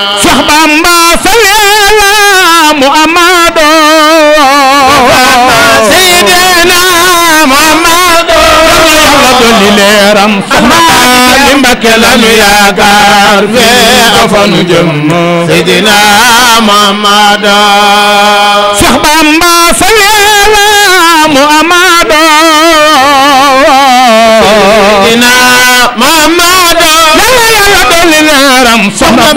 Seex Bamba sallallahu Muhammadu Seydina Muhammadu Yàlla dolli leeram Soxna Faati Mbakke lanu yaakaar fee fanu jëm Seydina Muhammadu Seex Bamba sallallahu Muhammadu Seydina Muhammadu Yàlla dolli leeram Soxna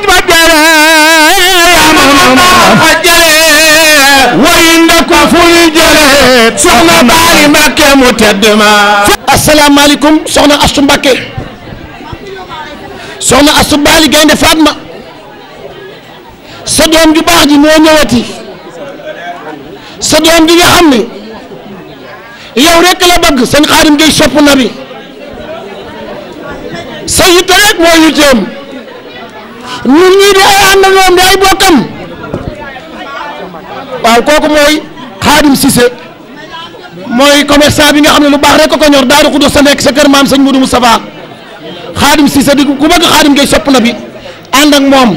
soxna Baali Mbàkke mu tedd ma. asalaamaaleykum soxna Astu Mbàkke soxna Astu Baali Gaynde Fatma sa doom ju baax ji moo ñëwati sa doom ji nga xam ne yow rek la bëgg sëñ Xaadim Gey sopp bi sa yitte rek moo yitteem ñun ñii di ay àndandoom di ay bokkam. waaw koku moy khadim Cissé moy commerçant bi nga xam lu bax rek ko ko ñor Daaru Xuddoos sa nek sa kër maam sëñ Modou Moustapha khadim Cissé di ku bëgg khadim ngay sopp nabi and ak mom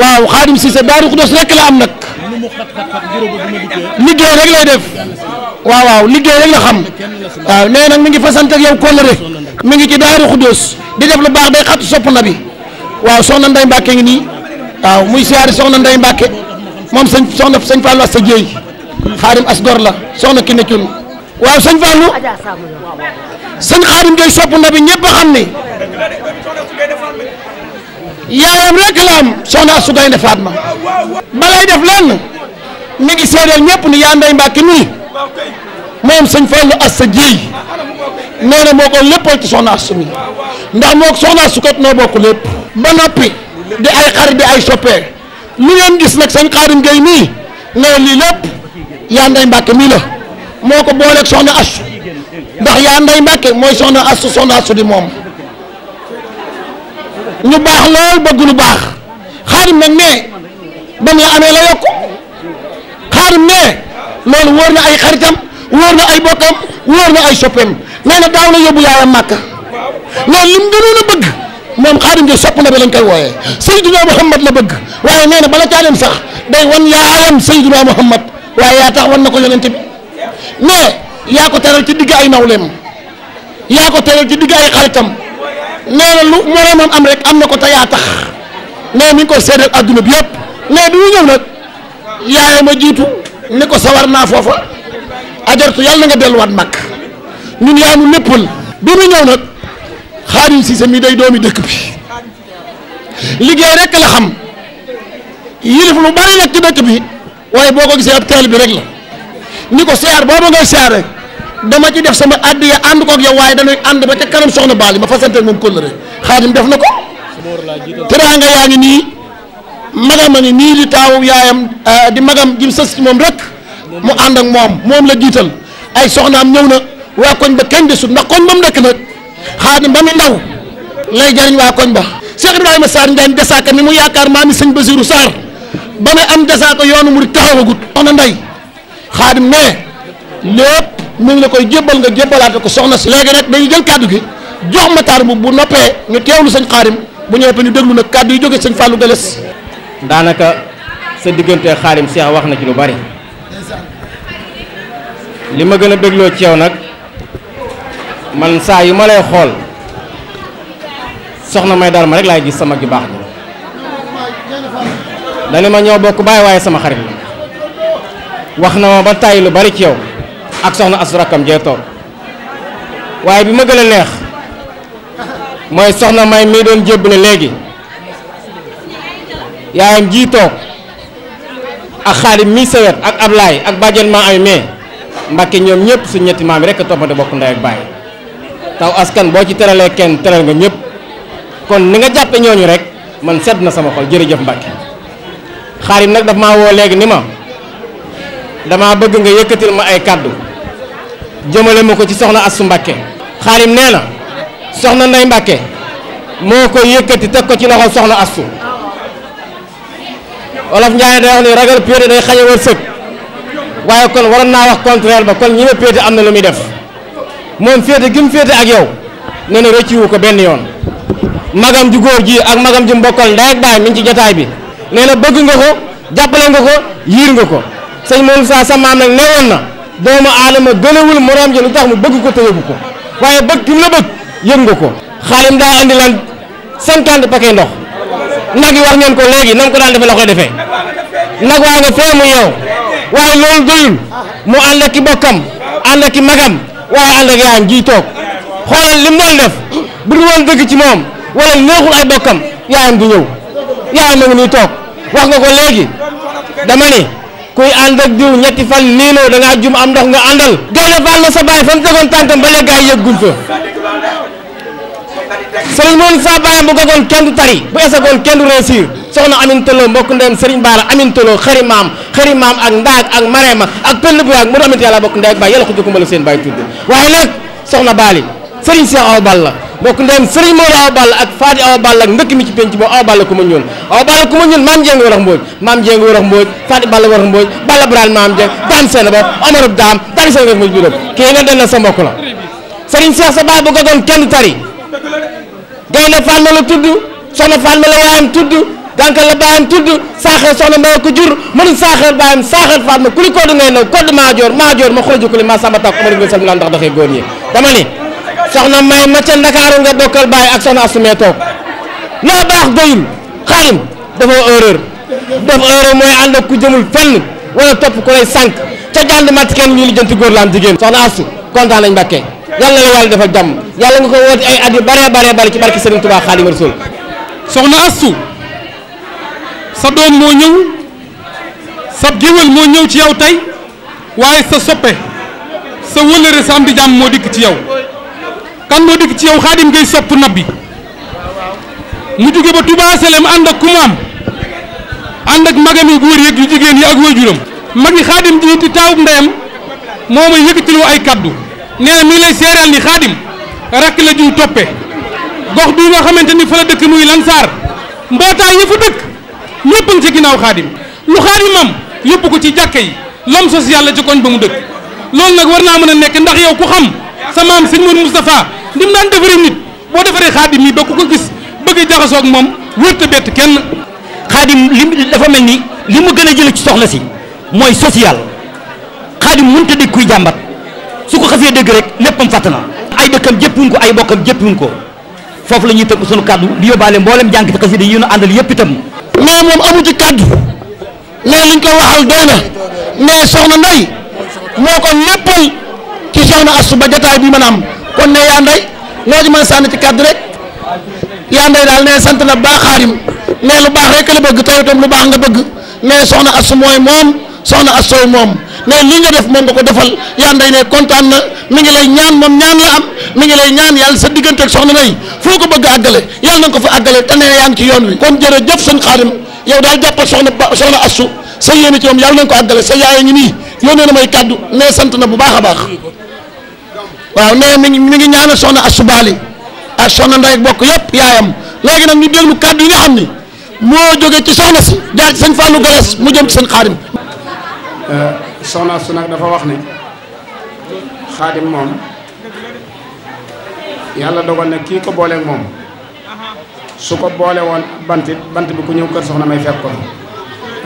waaw khadim Cissé Daaru Xuddoos rek la am nak liggéey rek lay def waaw waaw liggéey rek la xam waaw nee nak mi ngi fasante ak yow mi ngi ci Daaru di def lu bax day xatu sopp nabi waaw soxna nday Mbacke ngi ni waaw muy siari soxna nday Mbacke moom sëñ soxna sëñ Fallou Asta Dieye xaarim as gor la soxna ki nekkul waaw sëñ Fallou sëñ xaarim Dieye sopp na bi ñëpp a xam ni yaayam rek la am soxna Astou Gaïndé Fatma balay def lenn mi ngi seedeel ñëpp ni yaa Ndeye Mbacke nii moom sëñ Fallou Asta Dieye nee na moo ko léppal ci soxna Astou mi ndax moo soxna Astou kat noo bokk lépp ba noppi di ay xarit di ay soppee li ngeen gis nag seen xaadim gay mii ne lii lépp yaa nday mbàkke mii la moo ko booleeg soxna astu ndax yaa nday mbàkke mooy soxna astu soxna astu di moom ñu baax lool bëgg lu baax xaadim nag ne ba nga amee la yokku xaadim ne loolu wóor na ay xaritam wóor na ay bokkam wóor na ay soppeem nee na daaw na yóbbu yaayam màkka loolu lim gënoon a bëgg moom xaadim ji sopp na bi lañ koy wooyee Seydina Muhammad la bëgg waaye nee na bala caa dem sax day wan yaayam Seydina Muhammad waaye yaa tax wan na ko yonent bi mais yaa ko digg ay nawleem yaa ko teral ci digg ay nee am na ko te yaa tax mi koy seedal adduna bi yëpp mais bi yaayam a jiitu ni ko sawar naa foofa ajartu yàlla nga delluwaat mag ñun yaa léppal bi mu ñëw nag. خادم سيسمي داي دومي دك بي ليغي رك لا خم يلف لو باري نك دك بي واي بوكو غيسي اب طالب رك لا نيكو سيار بابا غاي سيار رك داما تي ديف سما ادي اندكو اك يا واي دا نوي اند با تي كانم سخنا بالي ما فاسنتل موم كولر خادم ديف نكو ترا nga yaangi ni magam ni ni li taw yaayam eh, di magam gi sos mom rek mu and ak mom mom la jital ay soxnam ñewna wa koñ ba kenn de su ndax kon mom xaadim ba mu ndaw lay jariñ waa koñ ba Cheikh Ibrahima Sarr Ndiagne desaaka mi mu yaakaar maami sañ Basiru Sarr ba muy am desaaka yoonu mu taxawagut soxna nday xaadim ne lépp mi ngi la koy jébbal nga jébbalaate ko soxna si léegi rek dañuy jël kàddu gi jox mataar bu bu noppee ñu teewlu sañ xaadim bu ñëwee ñu déglu nag kàddu yi jóge sañ Fallou Gales daanaka sa diggante xaadim Cheikh wax na ci lu bari li ma gën a bégloo ci nag man saa yu ma lay xool soxna may dara ma rek laay gis sama ju baax ji dani ma ñoo bokk bàyyi waaye sama xarit la wax na ma ba tàyyi lu bari ci yow ak soxna asurakam jee toog waaye bi ma gën a neex mooy soxna may mii doon jébbale léegi yaayam jii toog ak xaadim mii sawet ak ablaay ak bàjjen maa ami mee Mbàkke ñoom ñëpp su ñetti maam yi rekk toppante bokk ndey ak bàyyi taw askan boo ci teralee kenn teral nga ñëpp kon ni nga jàppe ñooñu rek man sedd na sama xol jërëjëf Mbacke xaarim nag daf maa woo léegi ni ma dama bëgg nga yëkkatil ma ay kàddu jëmale ma ko ci soxna Astou Mbacke xaarim nee na soxna Ndeye Mbacke moo ko yëkkati teg ko ci loxo soxna Astou Wolof Njaay day wax ni ragal péete day xañ a wërsëg waaye kon waroon naa wax contraire ba kon ñi ma péete am na lu muy def moom féete gi mu féete ak yow nee na rëcciwu ko benn yoon magam ju góor ji ak magam ju mbokkal ndey ak baay mi ngi ci jotaay bi nee na bëgg nga ko jàppale nga ko yiir nga ko sëñ moom saa sa maam nag newoon na doomu aadama gënawul moroom ji lu tax mu bëgg ko te ko waaye bëgg ki la bëgg yëg nga ko xaalim daa andi lan cinquante paquet ndox nag yi wax ngeen ko léegi na mu ko daan defee la koy defee nag waa nga fee mu yow waaye loolu doyul mu ànd ak ki bokkam ànd waaye ànd ak yaayam ji toog xoolal li mu doon def bu dul woon dëgg ci moom wala neexul ay bokkam yaayam du ñëw yaayam a ngi toog wax nga ko léegi dama ni kuy ànd ak diw ñetti fan niinoo da ngaa jum am ndox nga àndal. Gaynde Fatma sa baay fa mu tegoon tànkam ba léegi ay yëgguñ fa. serigne mon sa baayam bu gagoon kenn du tari bu kenn du réussir soxna amin Tolo mbok ndem serigne bala amin Tolo xëri Mam xëri Mam ak ndak ak Marema ak pelle bu ak mu amit yàlla bokk ndey ak baay yàlla ko jukkumbala sen baay tudde waye nak soxna bali serigne Cheikh Awa Balla bok ndem serigne ak Fadi Awa Balla ak ndek mi ci penc bo Awa Balla ku ñun ñuul Balla ku ma ñuul maam Dieng mbooj maam Dieng mbooj Fadi Balla wax mbooj Balla Birane mam jeng dam sen ba Omarub dam tari sen rek moj bi den na sa mbok la sëriñ Cheikh sa baay bu tari Gaynde Fatma la tudd Soxna Fatma la waayam tudd Gànka la baayam tudd saaxal Soxna Mbaye ko jur mënul saaxal baayam saaxal Fatma ku li kodd ngay naw kodd maajoor maajoor ma xool jukuli maa sama tàkk ma déglu seen ndax ni soxna May ma ca Ndakaaru nga bokkal bàyyi ak soxna Asumee toog loo baax doyul xaarim dafa erreur dafa erreur mooy ànd ak ku jëmul fenn wala topp ku lay sànq ca jànd mat kenn lii li jënti góor laam jigéen soxna Asu kontaan nañ Mbàkke yàlla la yàlla defal jàmm yàlla nga ko woote ay at yu bare bare bare ci barke Serigne Touba Xaadimu Rasuul soxna Astou sa doom moo ñëw sa géwél moo ñëw ci yow tey waaye sa soppe sa wëlëre sa am di jàmm moo dikk ci yow kan moo dikk ci yow xaadim ngay sopp nabbi mu jóge ba Touba Selem ànd ak ku mu am ànd ak magam yu góor yeeg yu jigéen yi ak mag magi xaadim ji di taawub ndeyam moo may yëkkatilu ay kàddu nee na mi ngi lay seeral ni xaadim rakk la juy toppe gox bi nga xamante ni fa la dëkk muy lansaar mbootaay yëfu dëkk ñëpp a ngi ci ginnaaw xaadim lu xaadimam yëpp ko ci jàkke yi lam social la ci koñ ba mu dëkk loolu nag war naa mën a nekk ndax yow ku xam sa maam sëñ Modou Moustapha ndim daan defaree nit boo defaree xaadim yi doo ko ko gis bëgg a jaxasoo ak moom wërta bett kenn xaadim li dafa mel ni li mu gën a jële ci soxla si mooy social xaadim mënut a dégg kuy jàmbat su ko xasee dégg rek léppam fàtt na ay dëkkam jëppiwuñ ko ay bokkam jëppiwuñ ko foofu la ñuy tënk sunu kàddu di yóbbaale mboolem jànk ci xasida yi ñu àndal yëpp itam mais moom amu ci kàddu mais liñ ko waxal doy na mais soxna Ndey moo ko léppal ci soxna Astou ba jotaay bi mën a am kon ne yaa Ndey ci mën a sànni ci kàddu rek yaa daal ne sant na baax xaarim mais lu baax rek la bëgg tey lu baax nga bëgg mais soxna Astou mooy moom soxna Astou moom ne li nga def moom nga ko defal yaa nday ne kontaan na mi ngi lay ñaan moom ñaan la am mi ngi lay ñaan yàlla sa diggante soxna nay foo ko bëgg a àggale yàlla na nga ko fa àggale te ne yoon wi kon jërëjëf sëñ Xaadim yow daal jàppal soxna ba soxna Astou sa yéene ci moom yàlla na nga ko àggale sa yaay ngi nii yónnee na may kàddu ne sant na bu baax a baax waaw ne mi ngi mi ngi ñaanal soxna Astou Bali ak soxna Ndeye bokk yëpp yaayam léegi nag ñu déglu kàddu yi nga xam ni moo jóge ci soxna si jaar ci sëñ Fallou Galass mu jëm ci sëñ soxna su nag dafa wax ne xaadim moom yàlla dogal ne kii ko booleeg moom su ko boole woon bantit bant bi ku ñëw kër soxna may fekk ko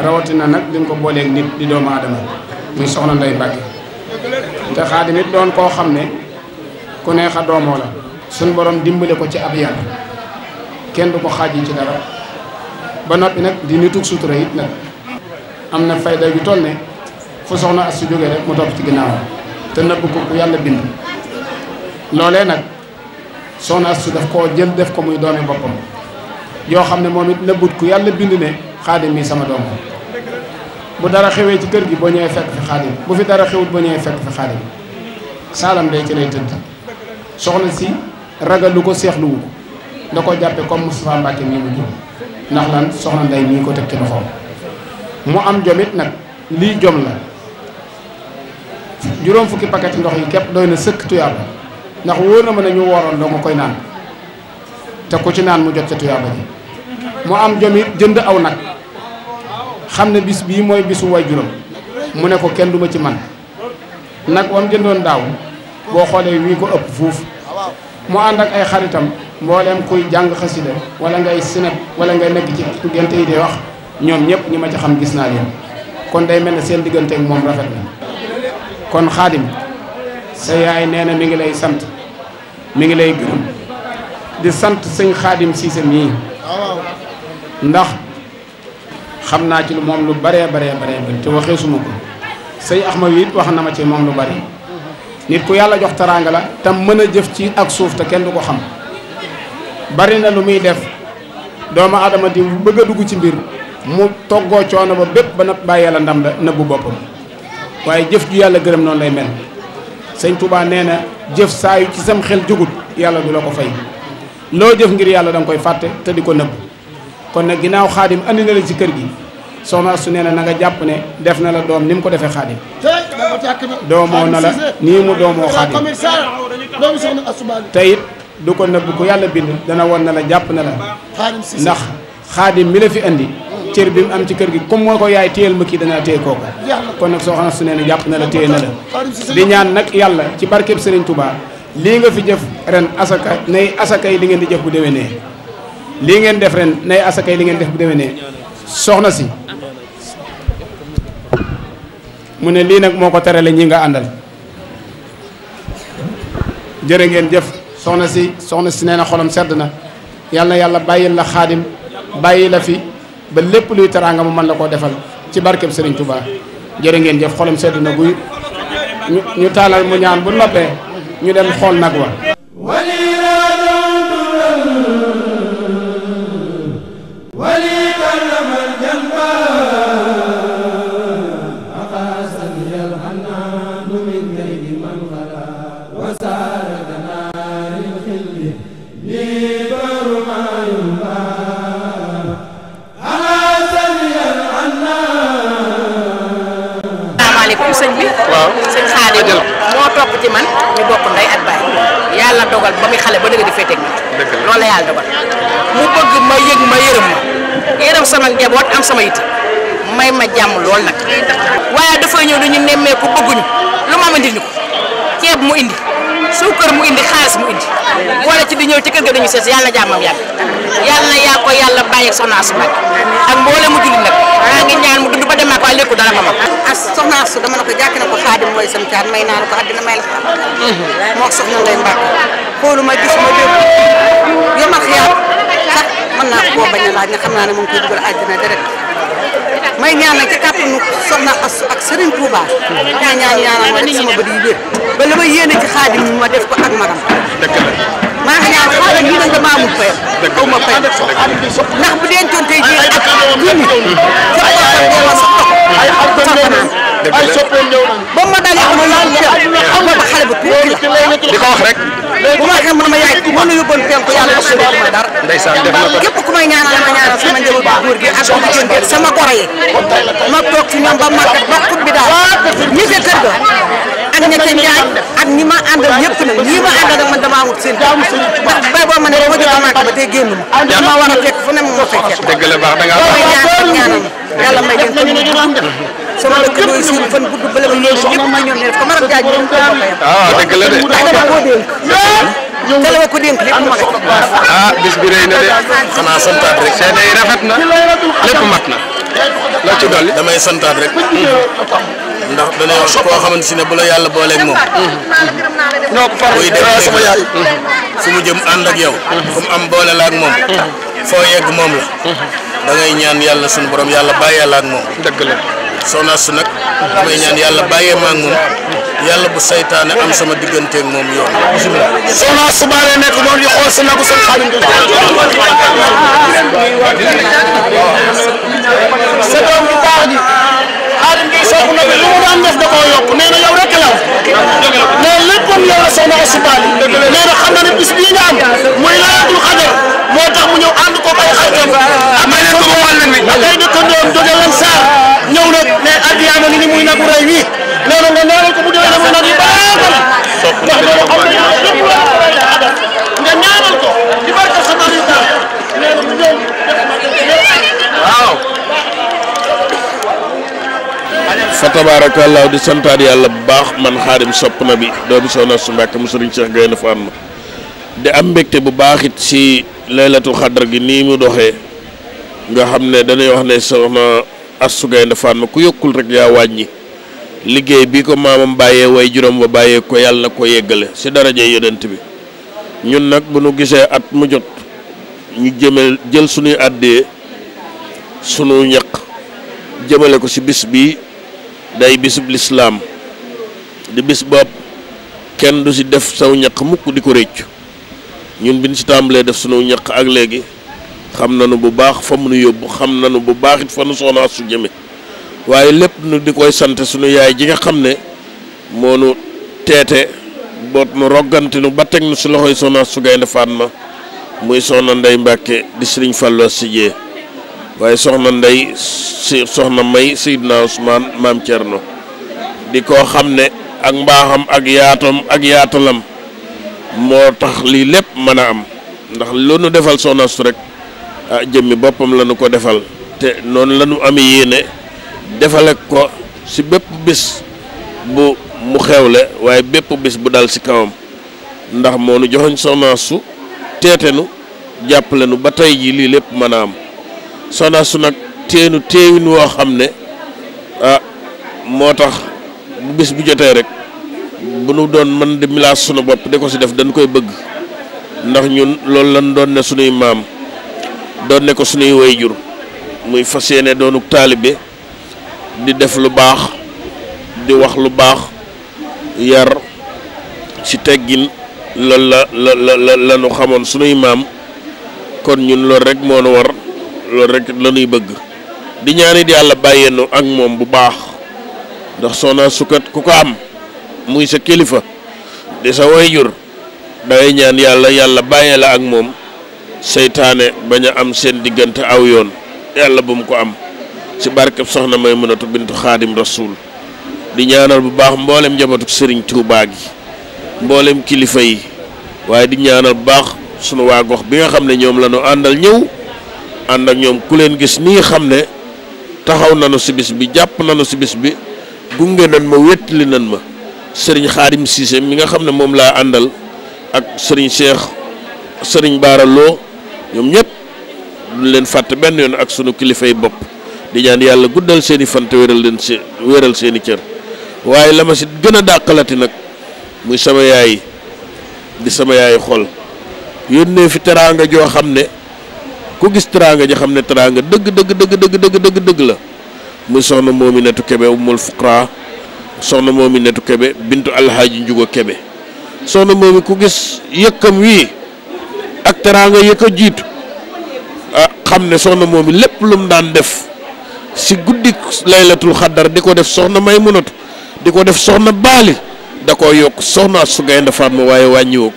rawatina nag bi ko booleeg nit di doomu aadama muy soxna nday Mbacke te xaadim doon koo xam ne ku neexa a doomoo la suñ borom dimbale ko ci ab yar kenn du ko xaaj yi ci dara ba noppi nag di nitug sutura it nag am na fayda yu toll ne fu soxna as su jógee rek mu topp ci ginnaawam te nëbb ko ku yàlla bind loolee nag soxna as su def koo jël def ko muy doomi boppam yoo xam ne moom it nëbbut ku yàlla bind ne xaadim mi sama doom bu dara xewee ci kër gi boo ñëwee fekk fi xaadim bu fi dara xewut boo ñëwee fekk fi xaadim saalam day ci lay tëdd soxna si ragalu ko seexluwu ko da ko jàppe comme Moustapha Mbacke mii mu jur ndax lan soxna ndey mii ko teg ci loxoom mu am jomit nag lii jom juróom fukki paquet ndox yi képp doy na sëkk tuyaaba ndax wóor na ma ne ñu wooroon doo nga koy naan te ku ci naan mu jot ca tuyaaba ji mu am jom jënd aw nag xam ne bis bii mooy bisu way juróom mu ne ko kenn duma ci man nag wam jëndoon daaw boo xoolee wii ko ëpp fuuf mu ànd ak ay xaritam mbooleem kuy jàng xasida wala ngay sinet wala ngay nekk ci diggante yi di wax ñoom ñëpp ñi ma ci xam gis naa leen kon day mel ne seen digganteek ak moom rafet na kon xaadim sa yaay nee na mi ngi lay sant mi ngi lay gërëm di sant sëñ xaadim siise mii ndax xam naa ci lu moom lu baree baree baree bari te waxee suma ko sëñ Ahmadu it wax na ma ci moom lu bari nit ku yàlla jox taraanga la tam mën a jëf ci ak suuf te kenn du ko xam bari na lu muy def doomu aadama di bëgg a dugg ci mbir mu toggoo coono ba bépp ba na bàyyee la ndam la nëbbu boppam waye jëf ju yàlla gërëm non lay mel seigne Touba neena jëf saa yu ci sam xel jugut yàlla du la ko fay lo jëf ngir yàlla dang koy fàtte te diko neub kon nak ginaaw khadim andi na la ci kër gi soxna su neena na nga jàpp ne def na la dom nim ko defé khadim domo na la ni mu domo xaadim te it du ko neub ku yàlla bind dana won na la jàpp na la ndax khadim mi la fi andi cër bi mu am ci kër gi comme moo ko yaay téyel ma kii danaa téye kooku kon nag soo xam su nee ne jàpp na la téye na la di ñaan nag yàlla ci barkeb Serigne Touba lii nga fi jëf ren asaka yi li ngeen di jëf bu déwénee lii ngeen def ren nay asaka li ngeen def bu déwénee soxna si mu ne lii nag moo ko terale ñi nga àndal jërë ngeen jëf soxna si soxna si nee na xolam sedd na yàlla yàlla bàyyil la xaadim bàyyi la fi ba lépp luy teraanga mu mën la koo defal ci barkeb Serigne Touba jërë ngeen jëf xolam sedd na guy ñu taalal mu ñaan bu noppee ñu dem xool nag wa topp ci man ñu bokk ndey ak baay yàlla dogal ba muy xale ba dëgg di féeteeg man lool la yàlla dogal mu bëgg ma yëg ma yërëm ma yërëm sama njaboot am sama yitte may ma jàmm lool nag waaye dafay ñëw dañu nemmee ko bëgguñu lu ma am indil ko ceeb mu indi suukar mu indi xaalis mu indi boole ci di ñëw ci kër ga dañu seet yàlla jàmmam yàgg yàlla na yaa ko yàlla bàyyi ak soxna su nag ak mboole mu jullit nag maa ngi ñaan mu dund ba demaak waaye lékku dara ma ma as soxna su dama na ko jàkk ko xaadim mooy sam caat may naa la ko àddina may la ko mhm. moo soxna ngay mbàkk xoolu ma gis ma dégg yomal xiyaar sax mën naa boo bañ a laaj nga xam naa ne mu koy dugal àddina direct may ñaanal ci kàttanu soxna Astou ak Serigne Touba. may ñaan ñaanal ma rek sama bët yi wér ba ma yéene ci xaadim ma def ko ak magam. maa ngi naan xoolal ñu ne nga maamu fayam. dëgg ma fayam ndax bu dencoon tey jii ak junni. ay ay ay ay soppeeku ñëw nañu. ba ma dalee ma laal xam nga ba xale bu tuuti la. di ko wax rek. bu ma waxee man ma yaay mën na yóbboon fenn ko yàlla def suba ma dara. ndeysaan def na ko képp ku may ñaanal ma ñaanal sama njaboot bu góor gi ak sama jigéen bi sama goro yi ma toog ci ñoom ba màggat ba xut bi daal ñi ca kër ga. ñetti Njaay ak ñi ma àndal yëpp nag ñi ma àndal ak man damaa wut seen ndax bay boo ma ne ma jóge Màkka ma dama war a fekk ma fekk dëgg la baax da nga ñaanal yàlla may leen sama dëkk doy seen fan gudd bële ba ma ko maram jaaj ñu ko ah dëgg la de dama ko dénk te la ko dénk lépp ma ah bis bi rëy na de xanaa santaat rek seen la damay santaat rek. ndax dañoo koo xamante si ne bu la yàlla booleeg moom. non buy dem sama yaay. fu mu jëm ànd ak yow. fu mu am boole la ak moom. foo yegg moom la. da ñaan yàlla sunu borom yàlla bàyyee la ak moom. dëgg la soxna su nag. yàlla bu saytaane am sama digganteeg moom yoon. sa doom bu baax ji Xaadim Gueye sopp na bi lu mu da koo nee na yow rek la mais léppam yow la soxna Astou nee na xam na ne bis bii nga am muy Laylatul tax mu ñëw ànd ko ay xaritam ak ay dëkkandoom jóge leen saar ñëw nag ne addiyaama ni muy nagu na ko bu déwénee fa tabaarakallaahu di santaat yàlla bu baax man xaadim sopp na bi doomi soxna su Mbàkke mu sëriñ Cheikh Gaynde Fatma di am mbégte bu baax it si laylatul xadar gi nii mu doxee nga xam ne dañuy wax ne soxna Astou Gaynde Fatma ku yokkul rek yaa wàññi liggéey bi ko maamam bàyyee way juróom ba bàyyee ko yàlla na ko yeggale si daraje yonent bi ñun nag bu nu gisee at mu jot ñu jëme jël suñuy àddee sunu ñaq jëmale ko si bis bi day bisub lislaam di bis bopp kenn du si def saw ñaq mukk di ko réccu ñun biñ si tàmbalee def sunu ñaq ak léegi xam na nu bu baax fa mu yóbbu xam nañu bu baax it fa nu soxna su jëme waaye lépp nu di koy sant sunu yaay ji nga xam ne moo nu teete boot nu roggante nu ba teg nu si loxoy soxna su gaynde Fatma muy sona Ndey Mbàkke di Sëriñ Fallou Sidiye waaye soxna ndey si soxna may Seydina Ousmane maam Thierno di koo xam ne ak mbaaxam ak yaatam ak yaatalam moo tax lii lépp mën a am ndax lu nu defal soxna su rek ah, jëmmi boppam la ko defal te noonu la nu amee yéene defale ko si bépp bis bu mu xewle waaye bépp bis bu dal si kawam ndax moo nu joxoñ soxna su teete nu jàppale ba tey ji lii lépp mën a am Sana sunak teenu teewin wo xamne ah motax bu bis bu jotee rek bu nu doon man di milaas sunu bop de ko ci def dañ koy bëgg ndax ñun lool lañ doon ne sunuy imam doon ne ko wayjur muy fasiyene di def lu baax di wax lu baax yar ci teggin lool la la la la nu kon ñun lool rek mo nu war loolu rek la ñuy bëgg di ñaanit yàlla bàyyeenu ak moom bu baax ndax soxna sukkat ku ko am muy sa kilifa di sa wayjur dangay ñaan yàlla yàlla bàyyee la ak moom seytaane bañ a am seen diggante aw yoon yàlla bu mu ko am ci barkeb soxna bintu xaadim rasul di ñaanal bu baax mboolem njabootu sëriñ Tuubaa gi mboolem kilifa yi waaye di ñaanal bu baax sunu waa gox bi nga xam ne ñoom la and ak ñom ku leen gis ni xamne taxaw nañu ci bis bi japp nañu ci bis bi gunge nan ma wéttali nañ ma serigne kharim siise mi nga xamne mom la andal ak serigne Cheikh serigne baralo Lo ñoom ñëpp leen fàtte ben yon ak sunu kilifay bop di ñaan yalla guddal seeni fante te wéral leen ci wéral seeni cër waye lama ci gëna nak muy sama yaay di sama yaay xol yónnee fi teranga jo xamne ku gis teraanga ja xamne ne deug deug deug deug deug deug deug dëgg la muy soxna Mominatou kebe umul fuqraa soxna Mominatou kebe bintu alhaji Njugo kebe soxna momi ku gis yekam wi ak teranga yëkk ya jitu ah ne soxna moomi lu mu daan def si guddik laylatul xaddar diko def soxna Maymunatu munut ko def soxna bali da yok yokk soxna sugay ndafam waye wañi wàññiwoo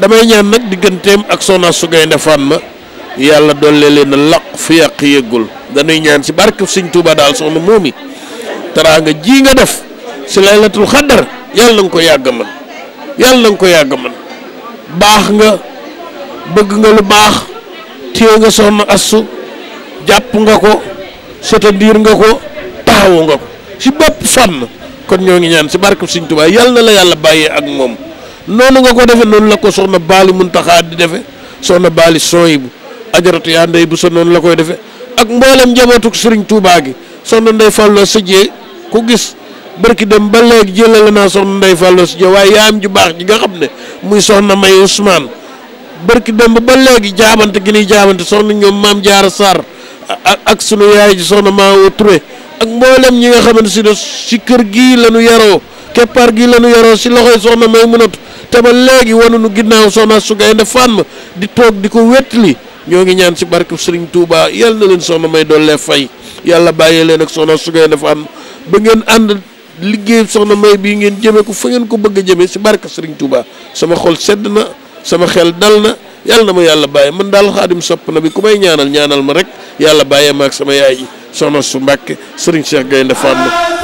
damay ñaan nak digëntem ak soxna sugay ndafam yàlla dolle len laq fi yàq yëggul dañuy ñaan ci barke touba dal daal momi tara nga ji nga def ci laylatul xaddar yalla na ko yàgg man yàlla ko yàgg man nga bëgg nga lu bax téye nga soxna assu japp nga ko sota dir nga ko taw nga ko ci bop fànn kon ñoo ngi ñaan ci barke seigne touba yalla la yalla baye ak mom nonu nga ko defee noonu la ko soxna bali di soxna bali Soyibu ajaratu ya ndey bu so non la koy defee ak mbolam njabootuk serigne Touba gi non ndey fallo sije ku gis barki dem ba jeelal na so non ndey fallo sije way yaayam ju bax gi nga xamne muy soxna May Ousmane barki dem ba leg jaabante gi ñuy so non ñom mam jaar sar ak sunu yaay ji soxna Maodo Touré ak mbolam ñi nga xamne ci ne si kër gi lañu yaro yaroo keppaar gii la ñu loxoy soxna May mënatu te ba ginnaw soxna su gaynde fam di tok di wetli ñoo ngi ñaan si barke Serigne Touba yal na leen soxna may doole fay yàlla bàyyee leen ak soxna su ngeen dafa am ba ngeen ànd liggéey soxna may bii ngeen jëmee ko fa ngeen ko bëgg a jëmee si barke Serigne Touba sama xol sedd na sama xel dal na yàlla na ma yàlla bàyyi man daal xaadim sopp na bi ku may ñaanal ñaanal ma rek yàlla bàyyee ma ak sama yaay ji soxna su Mbàkke Serigne Cheikh Gaynde Fatma